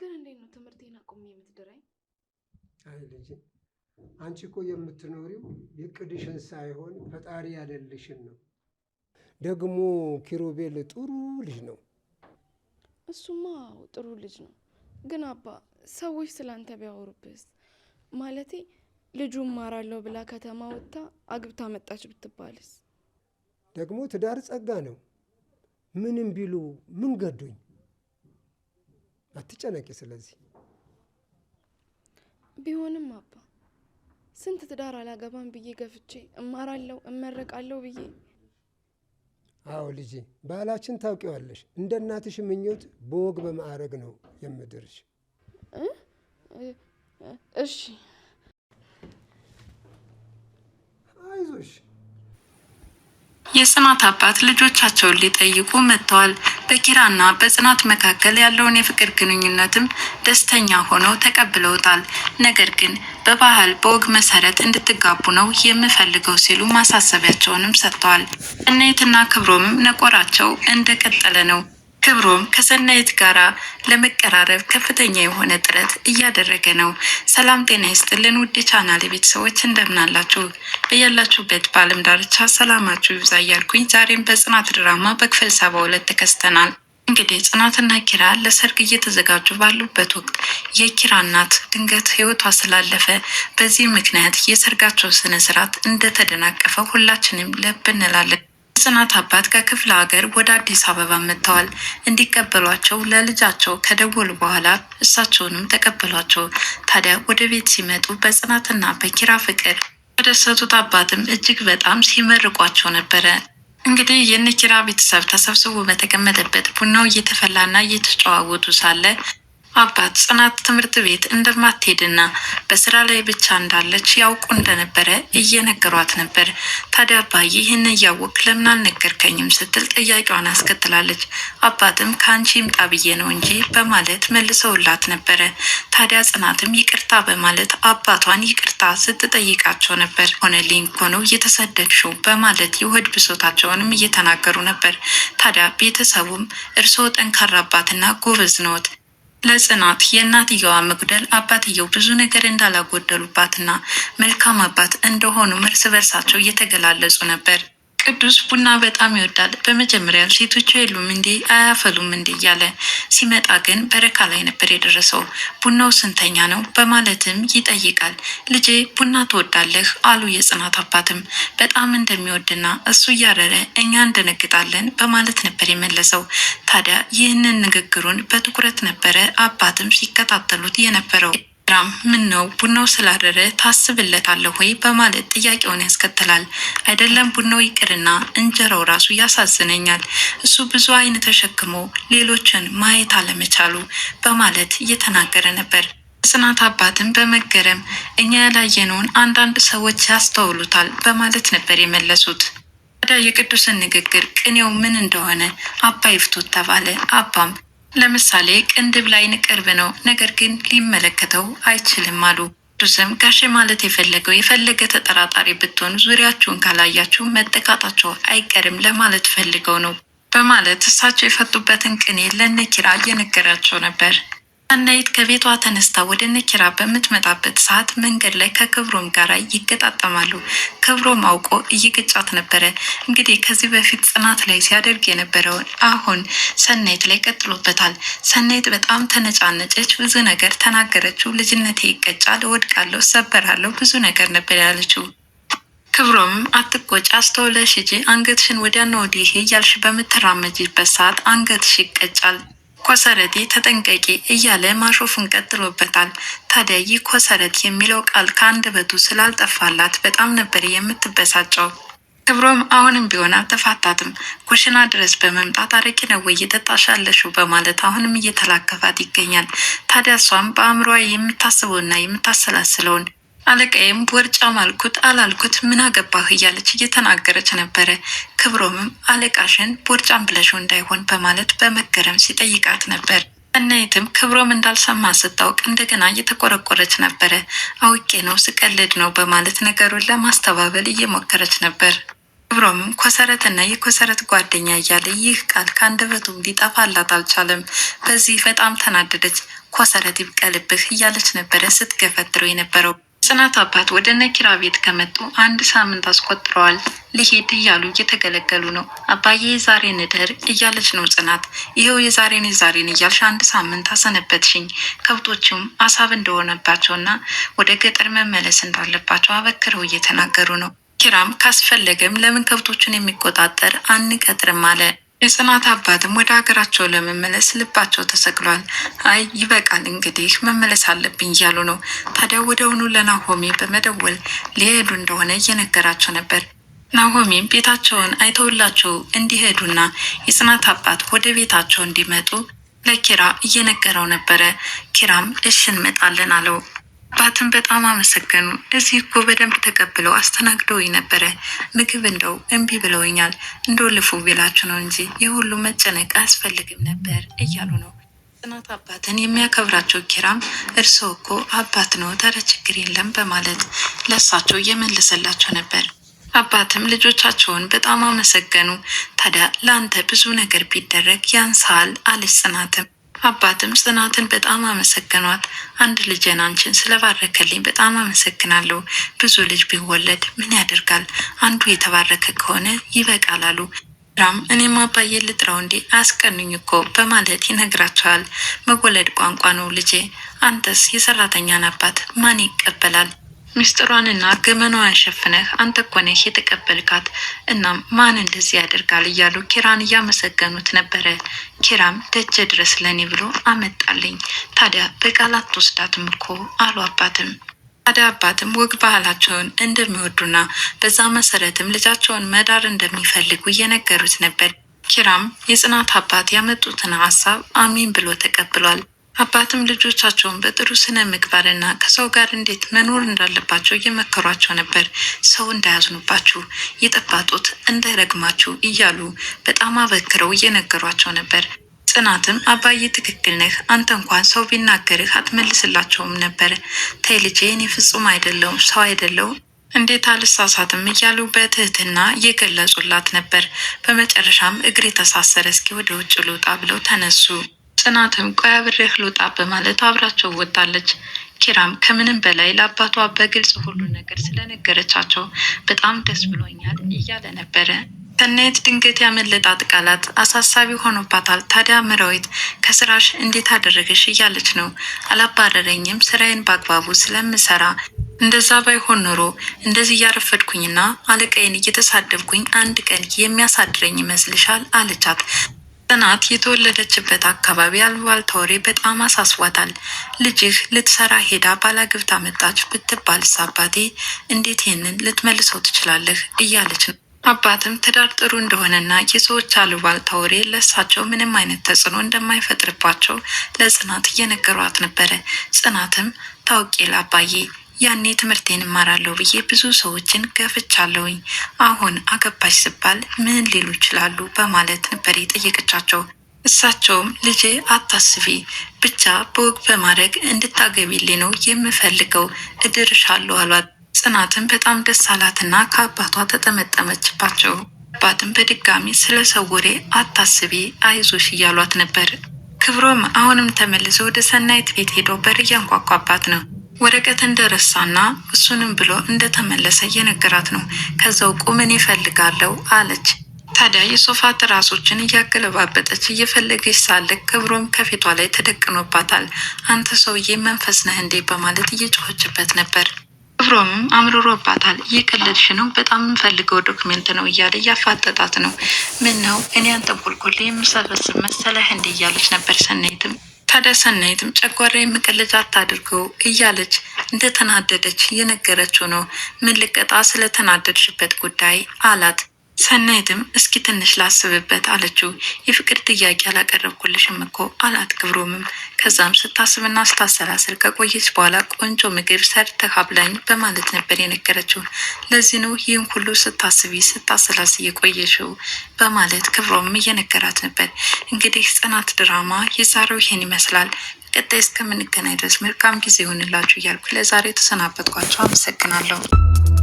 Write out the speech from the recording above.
ግን እንዴት ነው ትምህርቴን አቁሜ የምትድረኝ? አይ ልጄ፣ አንቺ እኮ የምትኖሪው የቅድሽን ሳይሆን ፈጣሪ ያለልሽን ነው። ደግሞ ኪሩቤል ጥሩ ልጅ ነው። እሱማ ጥሩ ልጅ ነው። ግን አባ ሰዎች ስላንተ ቢያወሩብስ? ማለቴ ልጁ እማራለሁ ብላ ከተማ ወጥታ አግብታ መጣች ብትባልስ? ደግሞ ትዳር ጸጋ ነው። ምንም ቢሉ ምን ገዶኝ አትጨነቂ። ስለዚህ ቢሆንም አባ ስንት ትዳር አላገባም ብዬ ገፍቼ እማራለሁ እመረቃለሁ ብዬ። አዎ ልጄ፣ ባህላችን ታውቂዋለሽ። እንደ እናትሽ ምኞት በወግ በማዕረግ ነው የምድርሽ። እሺ አይዞሽ። የጽናት አባት ልጆቻቸውን ሊጠይቁ መጥተዋል። በኪራና በጽናት መካከል ያለውን የፍቅር ግንኙነትም ደስተኛ ሆነው ተቀብለውታል። ነገር ግን በባህል በወግ መሰረት እንድትጋቡ ነው የምፈልገው ሲሉ ማሳሰቢያቸውንም ሰጥተዋል። እነይትና ክብሮምም ነቆራቸው እንደቀጠለ ነው። ክብሮም ከሰናይት ጋር ለመቀራረብ ከፍተኛ የሆነ ጥረት እያደረገ ነው። ሰላም ጤና ይስጥልን ውድ የቻናሌ ቤተሰቦች እንደምናላችሁ፣ በያላችሁበት በዓለም ዳርቻ ሰላማችሁ ይብዛ እያልኩኝ ዛሬም በጽናት ድራማ በክፍል ሰባ ሁለት ተከስተናል። እንግዲህ ጽናትና ኪራ ለሰርግ እየተዘጋጁ ባሉበት ወቅት የኪራ እናት ድንገት ሕይወቷ ስላለፈ በዚህ ምክንያት የሰርጋቸው ስነስርዓት እንደተደናቀፈ ሁላችንም ልብ እንላለን። ጽናት አባት ከክፍለ ሀገር ወደ አዲስ አበባ መጥተዋል። እንዲቀበሏቸው ለልጃቸው ከደወሉ በኋላ እሳቸውንም ተቀበሏቸው። ታዲያ ወደ ቤት ሲመጡ በጽናትና በኪራ ፍቅር የደሰቱት አባትም እጅግ በጣም ሲመርቋቸው ነበረ። እንግዲህ የነ ቤተሰብ ተሰብስቦ በተቀመጠበት ቡናው እየተፈላና እየተጨዋወቱ ሳለ አባት ጽናት ትምህርት ቤት እንደማትሄድና በስራ ላይ ብቻ እንዳለች ያውቁ እንደነበረ እየነገሯት ነበር። ታዲያ አባዬ ይህን እያወቅ ለምን አልነገርከኝም ስትል ጥያቄዋን አስከትላለች። አባትም ከአንቺ ይምጣ ብዬ ነው እንጂ በማለት መልሰውላት ነበረ። ታዲያ ጽናትም ይቅርታ በማለት አባቷን ይቅርታ ስትጠይቃቸው ነበር። ሆነልኝ እኮ ነው የተሰደድሽው በማለት የሆድ ብሶታቸውንም እየተናገሩ ነበር። ታዲያ ቤተሰቡም እርስዎ ጠንካራ አባትና ጎበዝ ነዎት ለጽናት የእናትየዋ መጉደል አባትየው ብዙ ነገር እንዳላጎደሉባትና መልካም አባት እንደሆኑ እርስ በርሳቸው እየተገላለጹ ነበር። ቅዱስ ቡና በጣም ይወዳል። በመጀመሪያ ሴቶቹ የሉም እንዴ አያፈሉም እንዴ እያለ ሲመጣ ግን በረካ ላይ ነበር የደረሰው። ቡናው ስንተኛ ነው በማለትም ይጠይቃል። ልጄ ቡና ትወዳለህ አሉ የጽናት አባትም በጣም እንደሚወድና እሱ እያረረ እኛ እንደነግጣለን በማለት ነበር የመለሰው። ታዲያ ይህንን ንግግሩን በትኩረት ነበረ አባትም ሲከታተሉት የነበረው። ራም ምን ነው ቡናው ስላረረ ታስብለታለሁ ወይ በማለት ጥያቄውን ያስከትላል። አይደለም ቡናው ይቅርና እንጀራው ራሱ ያሳዝነኛል። እሱ ብዙ አይን ተሸክሞ ሌሎችን ማየት አለመቻሉ በማለት እየተናገረ ነበር። የጽናት አባትን በመገረም እኛ ያላየነውን አንዳንድ ሰዎች ያስተውሉታል በማለት ነበር የመለሱት። ታዲያ የቅዱስን ንግግር ቅኔው ምን እንደሆነ አባ ይፍቱት ተባለ። አባም ለምሳሌ ቅንድብ ላይን ቅርብ ነው፣ ነገር ግን ሊመለከተው አይችልም አሉ። ቅዱስም ጋሼ ማለት የፈለገው የፈለገ ተጠራጣሪ ብትሆኑ ዙሪያችሁን ካላያችሁ መጠቃጣቸው አይቀርም ለማለት ፈልገው ነው በማለት እሳቸው የፈቱበትን ቅኔ ለነኪራ እየነገራቸው ነበር። አናይት ከቤቷ ተነስታ ወደ ነኪራ በምትመጣበት ሰዓት መንገድ ላይ ከክብሮም ጋር ይገጣጠማሉ። ክብሮም አውቆ እየገጫት ነበረ። እንግዲህ ከዚህ በፊት ጽናት ላይ ሲያደርግ የነበረውን አሁን ሰናይት ላይ ቀጥሎበታል። ሰናይት በጣም ተነጫነጨች። ብዙ ነገር ተናገረችው። ልጅነቴ ይቀጫል፣ ወድቃለሁ፣ ሰበራለሁ፣ ብዙ ነገር ነበር ያለችው። ክብሮም አትቆጭ፣ አስተውለሽ እንጂ አንገትሽን ወዲያና ወዲህ እያልሽ በምትራመጅበት ሰዓት አንገትሽ ይቀጫል ኮሰረቴ ተጠንቀቂ እያለ ማሾፉን ቀጥሎበታል። ታዲያ ይህ ኮሰረት የሚለው ቃል ከአንደበቱ ስላልጠፋላት በጣም ነበር የምትበሳጨው። ክብሮም አሁንም ቢሆን አልተፋታትም። ኩሽና ድረስ በመምጣት አረቂ ነው ወይ በማለት አሁንም እየተላከፋት ይገኛል። ታዲያ እሷም በአእምሯ የምታስበውና የምታሰላስለውን አለቃዬም ቦርጫም አልኩት አላልኩት ምን አገባህ እያለች እየተናገረች ነበረ። ክብሮምም አለቃሽን ቦርጫም ብለሽው እንዳይሆን በማለት በመገረም ሲጠይቃት ነበር። እነይትም ክብሮም እንዳልሰማ ስታውቅ እንደገና እየተቆረቆረች ነበረ። አውቄ ነው ስቀልድ ነው በማለት ነገሩን ለማስተባበል እየሞከረች ነበር። ክብሮምም ኮሰረትና የኮሰረት ጓደኛ እያለ ይህ ቃል ከአንደበቱም ሊጠፋላት አልቻለም። በዚህ በጣም ተናደደች። ኮሰረት ይብቀልብህ እያለች ነበረ ስትገፈትረው የነበረው ጽናት አባት ወደ ነኪራ ቤት ከመጡ አንድ ሳምንት አስቆጥረዋል። ሊሄድ እያሉ እየተገለገሉ ነው። አባዬ የዛሬ ንደር እያለች ነው ጽናት። ይኸው የዛሬን የዛሬን እያልሽ አንድ ሳምንት አሰነበትሽኝ። ከብቶችም አሳብ እንደሆነባቸውና ወደ ገጠር መመለስ እንዳለባቸው አበክረው እየተናገሩ ነው። ኪራም ካስፈለገም ለምን ከብቶችን የሚቆጣጠር አንቀጥርም አለ። የጽናት አባትም ወደ ሀገራቸው ለመመለስ ልባቸው ተሰቅሏል። አይ ይበቃል እንግዲህ መመለስ አለብኝ እያሉ ነው። ታዲያ ወደውኑ ለናሆሜ በመደወል ሊሄዱ እንደሆነ እየነገራቸው ነበር። ናሆሜም ቤታቸውን አይተውላቸው እንዲሄዱና የጽናት አባት ወደ ቤታቸው እንዲመጡ ለኪራ እየነገረው ነበረ። ኪራም እሽ እንመጣለን አለው። አባትን በጣም አመሰገኑ። እዚህ እኮ በደንብ ተቀብለው አስተናግደው ነበረ። ምግብ እንደው እምቢ ብለውኛል። ልፉ ቢላችሁ ነው እንጂ የሁሉ መጨነቅ አያስፈልግም ነበር እያሉ ነው። ጽናት አባትን የሚያከብራቸው ኪራም እርስዎ እኮ አባት ነው፣ ተረ ችግር የለም በማለት ለሳቸው እየመለሰላቸው ነበር። አባትም ልጆቻቸውን በጣም አመሰገኑ። ታዲያ ለአንተ ብዙ ነገር ቢደረግ ያንሳል አለች ጽናትም አባትም ጽናትን በጣም አመሰገኗት። አንድ ልጄን አንቺን ስለባረከልኝ በጣም አመሰግናለሁ። ብዙ ልጅ ቢወለድ ምን ያደርጋል፣ አንዱ የተባረከ ከሆነ ይበቃል አሉ። ራም እኔም አባዬ ልጥራው እንዴ አስቀኑኝ እኮ በማለት ይነግራቸዋል። መወለድ ቋንቋ ነው ልጄ፣ አንተስ የሰራተኛን አባት ማን ይቀበላል? ምስጢሯንና ገመናዋን ሸፍነህ አንተ እኮ ነህ የተቀበልካት። እናም ማን እንደዚህ ያደርጋል እያሉ ኪራን እያመሰገኑት ነበረ። ኪራም ደጀ ድረስ ለኔ ብሎ አመጣልኝ። ታዲያ በቃላት ትወስዳትም እኮ አሉ አባትም። ታዲያ አባትም ወግ ባህላቸውን እንደሚወዱና በዛ መሰረትም ልጃቸውን መዳር እንደሚፈልጉ እየነገሩት ነበር። ኪራም የጽናት አባት ያመጡትን ሀሳብ አሚን ብሎ ተቀብሏል። አባትም ልጆቻቸውን በጥሩ ስነ ምግባርና ከሰው ጋር እንዴት መኖር እንዳለባቸው እየመከሯቸው ነበር። ሰው እንዳያዝኑባችሁ የጠባጡት እንዳይረግማችሁ እያሉ በጣም አበክረው እየነገሯቸው ነበር። ጽናትም አባዬ ትክክል ነህ፣ አንተ እንኳን ሰው ቢናገርህ አትመልስላቸውም ነበር። ተይ ልጄ፣ እኔ ፍጹም አይደለውም ሰው አይደለው እንዴት አልሳሳትም እያሉ በትህትና እየገለጹላት ነበር። በመጨረሻም እግሬ ተሳሰረ፣ እስኪ ወደ ውጭ ልውጣ ብለው ተነሱ። ጽናትም ቆይ አብሬህ ልውጣ በማለት አብራቸው ወጣለች። ኪራም ከምንም በላይ ለአባቷ በግልጽ ሁሉ ነገር ስለነገረቻቸው በጣም ደስ ብሎኛል እያለ ነበረ። ሰናይት ድንገት ያመለጣት ቃላት አሳሳቢ ሆኖባታል። ታዲያ መራዊት ከስራሽ እንዴት አደረገሽ እያለች ነው። አላባረረኝም፣ ስራዬን በአግባቡ ስለምሰራ እንደዛ ባይሆን ኖሮ እንደዚህ እያረፈድኩኝና አለቃዬን እየተሳደብኩኝ አንድ ቀን የሚያሳድረኝ ይመስልሻል? አለቻት። ጽናት የተወለደችበት አካባቢ አሉባልታ ወሬ በጣም አሳስቧታል። ልጅህ ልትሰራ ሄዳ ባላግብት መጣች ብትባልስ አባቴ እንዴት ይህንን ልትመልሰው ትችላለህ? እያለች ነው። አባትም ትዳር ጥሩ እንደሆነና የሰዎች አሉባልታ ወሬ ለእሳቸው ምንም አይነት ተጽዕኖ እንደማይፈጥርባቸው ለጽናት እየነገሯት ነበረ። ጽናትም ታውቄ ላባዬ ያኔ ትምህርቴን እማራለሁ ብዬ ብዙ ሰዎችን ገፍቻለሁኝ። አሁን አገባች ስባል ምን ሊሉ ይችላሉ በማለት ነበር የጠየቀቻቸው። እሳቸውም ልጄ አታስቢ፣ ብቻ በወግ በማድረግ እንድታገቢልኝ ነው የምፈልገው፣ እድርሻለሁ አሏት። ጽናትን በጣም ደስ አላትና ከአባቷ ተጠመጠመችባቸው። አባትም በድጋሚ ስለ ሰው ወሬ አታስቢ፣ አይዞሽ እያሏት ነበር። ክብሮም አሁንም ተመልሶ ወደ ሰናይት ቤት ሄዶ በር እያንኳኳባት ነው። ወረቀት እንደረሳና እሱንም ብሎ እንደተመለሰ እየነገራት ነው። ከዛው ቁምን እኔ አለች። ታዲያ የሶፋ ትራሶችን እያገለባበጠች እየፈለገች ሳለ ክብሮም ከፊቷ ላይ ተደቅኖባታል። አንተ ሰውዬ መንፈስ ነህ እንዴ? በማለት እየጮኸችበት ነበር። ክብሮምም አምርሮባታል። እየቀለድሽ ነው፣ በጣም የምፈልገው ዶክሜንት ነው እያለ እያፋጠጣት ነው። ምን ነው እኔ ቁልቁል የምሰበስብ መሰለህ እንዴ? እያለች ነበር ሰናይትም ታዲያ ሰናይትም ጨጓራዬ መቀለጃ አታድርገው እያለች እንደተናደደች እየነገረችው ነው። ምን ልቀጣ ስለተናደድሽበት ጉዳይ አላት። ሰናይትም እስኪ ትንሽ ላስብበት አለችው። የፍቅር ጥያቄ አላቀረብኩልሽም እኮ አላት ክብሮምም። ከዛም ስታስብና ስታሰላስል ከቆየች በኋላ ቆንጆ ምግብ ሰርተህ አብላኝ በማለት ነበር የነገረችው። ለዚህ ነው ይህን ሁሉ ስታስቢ ስታሰላስ የቆየችው በማለት ክብሮም እየነገራት ነበር። እንግዲህ ጽናት ድራማ የዛሬው ይህን ይመስላል። ቀጣይ እስከምንገናኝ ድረስ መልካም ጊዜ ይሆንላችሁ እያልኩ ለዛሬ ተሰናበትኳቸው። አመሰግናለሁ።